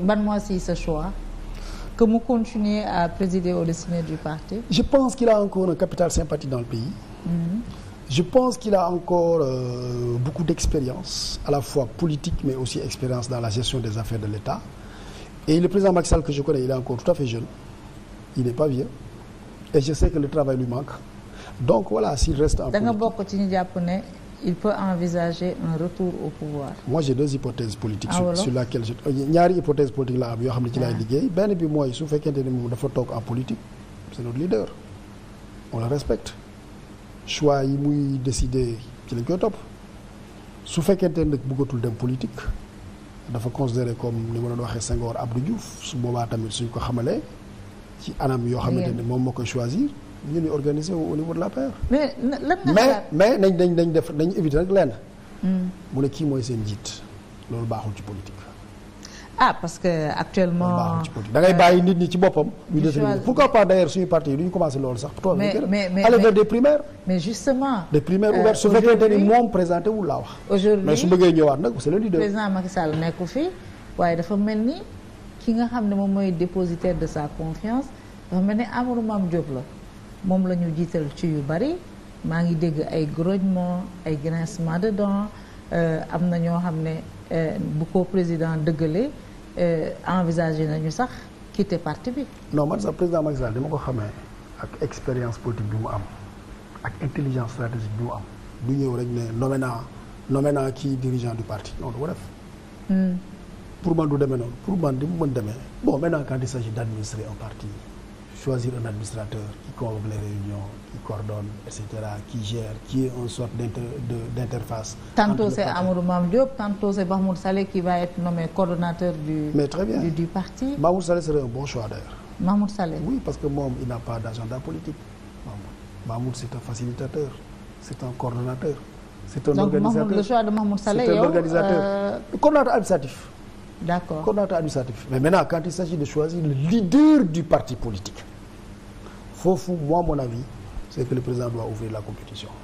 ban moo si ce choix que mu continuer à présider aux destinées du parti. je pense qu'il a encore un capital sympathie dans le pays. Mm-hmm. je pense qu'il a encore euh, beaucoup d'expérience à la fois politique mais aussi expérience dans la gestion des affaires de l'État et le président Macky Sall que je connais il est encore tout à fait jeune il n'est pas vieux et je sais que le travail lui manque donc voilà s'il reste en politique da nga bokk ci ñu jàpp il peut envisager un retour au pouvoir. moi j'ai deux hypothèses politiques. Ah, sur laquelle je ñaari hypothèse politique la am yoo xam ne ci laay ah. liggéey. benn bi mooy su fekkente ne moom dafa toog en politique c'est notre leader respecte choix yi muy décider ci lañ koy topp su fekkente ne nag bëggatul dem politique dafa considéré comme ni ma doon waxee Senghor Abdou Diouf su boobaa tamit suñ ko xamalee ci anam yoo xamante ne moom moo koy choisir. ñu ngi organisé au niveau de la paire. mais mais mais nañ nañ nañ def nañ éviter rek lenn. Hmm. mu ne kii mooy seen njiit loolu baaxul ci politique. ah parce que actuellement da ngay bàyyi euh, nit ñi ci boppam. ñu déterminer pourquoi pas suñu parti yi du ñu loolu sax. mais mais mais aller vers des primaires. mais justement. des primaires euh, ouvertes su fekkee ni moom présenté wul laa wax. aujourd'hui mais su bëggee ñëwaat nag c'est le leader. président Macky Sall waaye dafa mel ni ki nga xam ne moom mooy dépositaire de sa confiance dafa mel ni Amadou Mame la. moom la ñu jiital ci yu bari maa ngi dégg ay grognement ay grincement de dents euh, am na ñoo xam ne euh, bu ko président dëggalee euh, envisagé nañu sax quitter parti bi. non man sax président Macky Sall ma ko xamee ak expérience politique bi mu am ak intelligence stratégique bi mu am du ñëw rek ne nommé naa nommé naa kii dirigeant du parti non du ko def. Hmm. pour man du demee noonu pour man di mu mën demee bon maintenant quand il s'agit d'administrer un parti. choisir un administrateur qui convoque les réunions, qui coordonne, etc., qui gère, qui est une sorte d'interface. Tantôt c'est Amourou Mamdiop, tantôt c'est Mahmoud Saleh qui va être nommé coordonnateur du, parti. Mahmoud Saleh serait un bon choix d'ailleurs. Mahmoud Saleh Oui, parce que moi, il n'a pas d'agenda politique. Mahmoud, c'est un facilitateur, c'est un coordonnateur, c'est un organisateur. Mahmoud, euh, administratif. Mais maintenant, quand foofu moi mon avis c'est que le président doit ouvrir la compétition